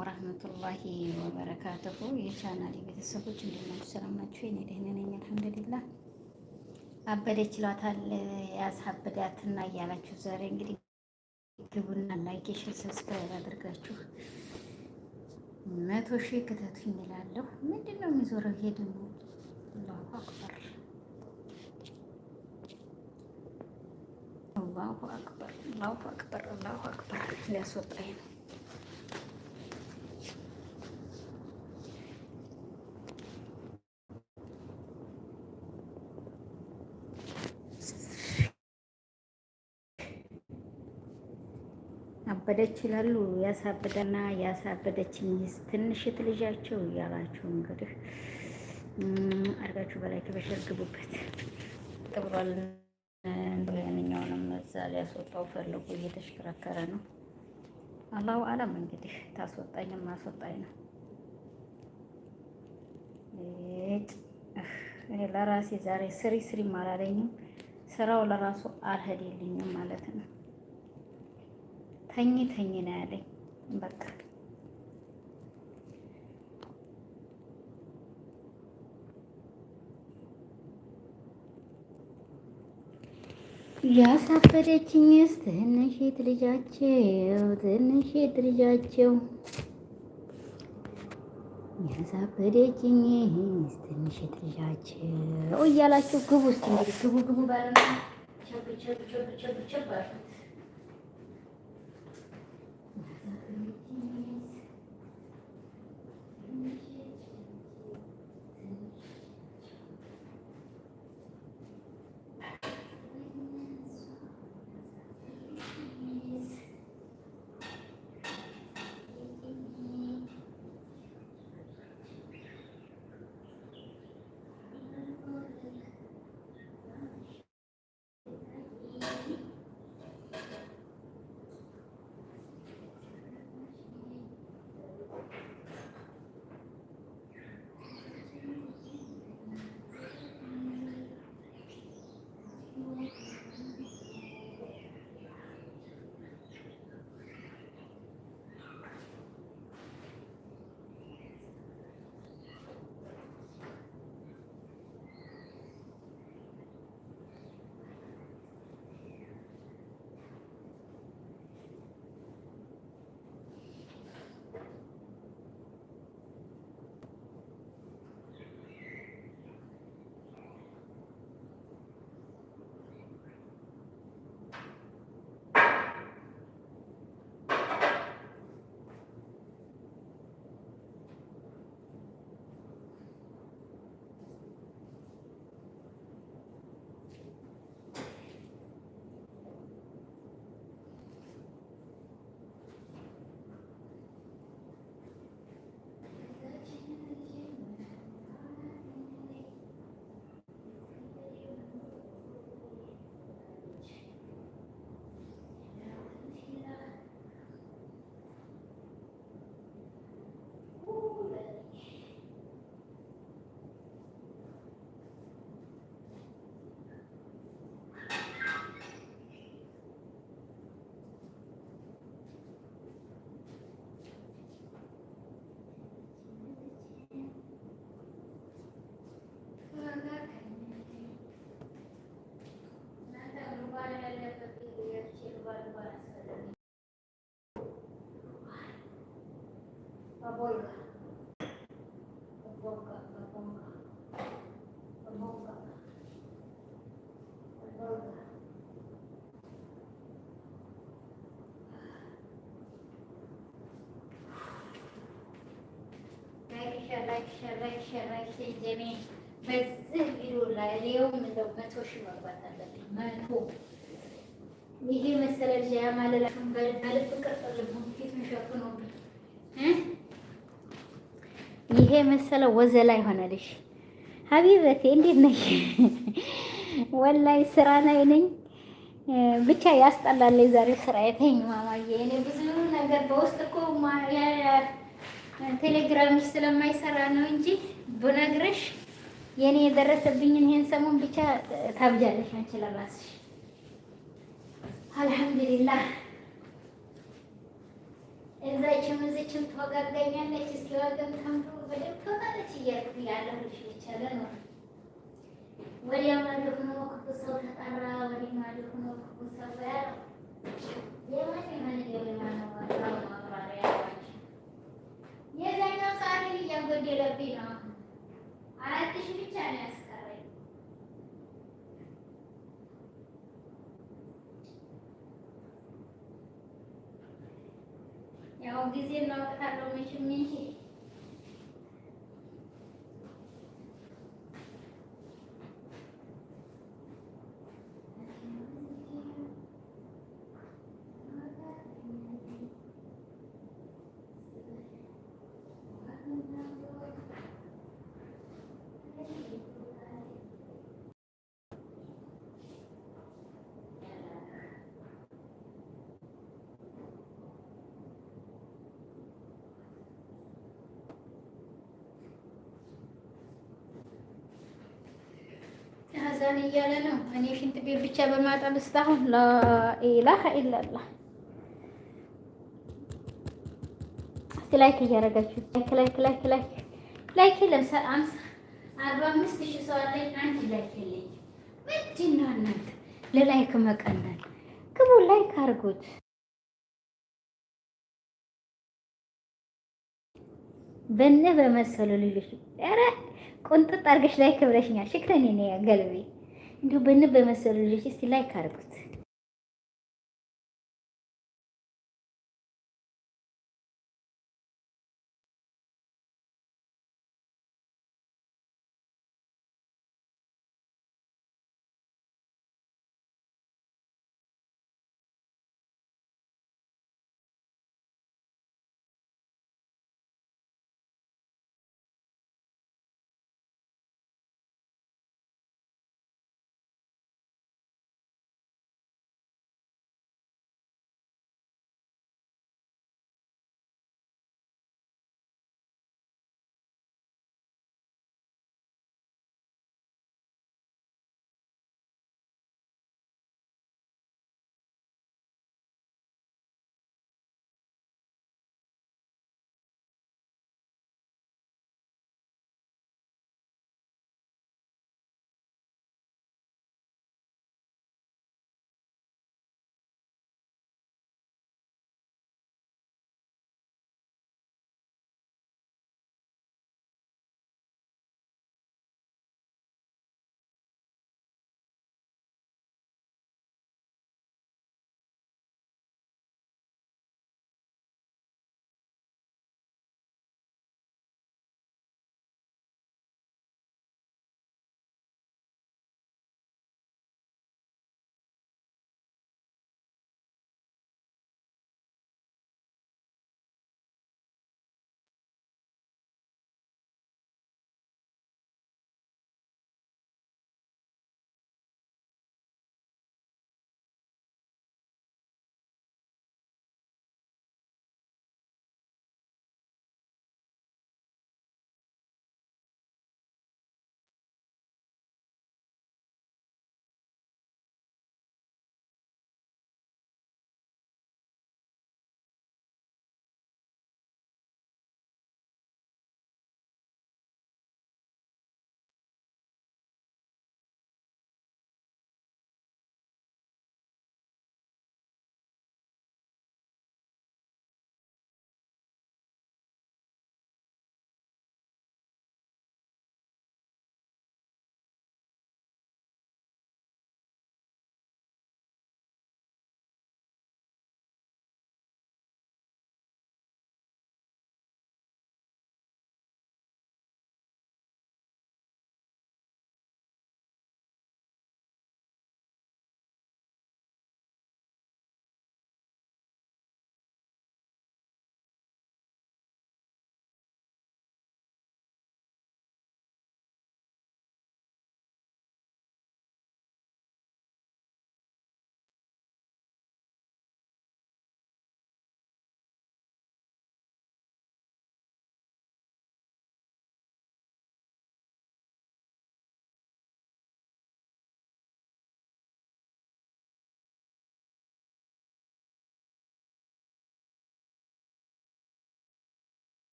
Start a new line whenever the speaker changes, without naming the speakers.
ወራህመቱላሂ ወበረካቱሁ የቻናል ቤተሰቦች እንደምን ሰላማችሁ? እኔ ደህና ነኝ አልሐምዱሊላህ። አበደ ይችላታል ያሳበዳትና እያላችሁ ዛሬ እንግዲህ ግቡና ላይክ፣ ሼር፣ ሰብስክራይብ አድርጋችሁ መቶ ሺህ ክተቱኝ እላለሁ። ምንድን ነው የሚዞረው ይሄ ደግሞ? አላሁ አክበር አላሁ አክበር አላሁ አክበር አላሁ አክበር ሊያስወጣኝ ነው። አሳበደች ይላሉ። ያሳበደና ያሳበደችኝ ትንሽት ልጃቸው እያላችሁ እንግዲህ አድርጋችሁ በላይ በሸር ተብሏል። ብሏል። ያንኛውንም እዛ ሊያስወጣው ፈልጉ እየተሽከረከረ ነው። አላሁ አለም እንግዲህ ታስወጣኝም ማስወጣኝ ነው። እኔ ለራሴ ዛሬ ስሪ ስሪ አላለኝም። ስራው ለራሱ አልሄድልኝም ማለት ነው። ተኝ ተኝ ነው ያለኝ። በቃ ያሳበደችኝስ ትንሽት ልጃቸው ትንሽት ልጃቸው ያሳበደችኝስ ትንሽት ልጃቸው እያላችሁ ግቡ ውስጥ እንግዲህ ግቡ ግቡ ባለ Babonka. Babonka, babonka. Babonka. Babonka. لايك شير لايك شير لايك شير لايك شير جميل بس الفيديو اليوم لو ይሄ መሰለ ወዘላ ይሆናልሽ። ሀቢበቴ እንዴት ነሽ? ወላይ ስራ ላይ ነኝ። ብቻ ያስጠላል ዛሬ ስራ የተኝ ማማዬ። እኔ ብዙ ነገር በውስጥ እኮ ቴሌግራምሽ ስለማይሰራ ነው እንጂ ብነግርሽ የኔ የደረሰብኝን ይሄን ሰሞን ብቻ ታብጃለሽ አንቺ ለራስሽ። አልሐምዱሊላህ እዛችም እዚችም ተወጋጋኛለች። እስኪ ወገም ከምዱ በደምብ ተወጋለች እያልኩ ያለሁ ልጅ ይቻለ ነው። ወዲያም አንዱ ክፉ ሰው ተጠራ። ወዲህም አንዱ ክፉ ሰው ያለው የማን የማን የማን ነው alguém não está longe de mim. አዛን እያለ ነው። እኔ ሽንት ቤት ብቻ በማጠብ እስካሁን ላኢላሀ ኢለላህ። እስቲ ላይክ እያደረጋችሁ ላይክ ላይክ ላይክ ላይክ ላይክ የለም አርባ አምስት ሺህ ሰው አለኝ። አንድ ላይክ የለኝ። ምንድን ነው እናንተ ለላይክ መቀነን? ግቡ ላይክ አድርጉት። በነ በመሰሉ ልጆች ኧረ ቁንጥጥ አድርገሽ ላይክ ብለሽኛል። ሽክረኔ ነ ገልቤ። እንዲሁ በንብ በመሰሉ ልጆች እስቲ ላይክ አድርጉት።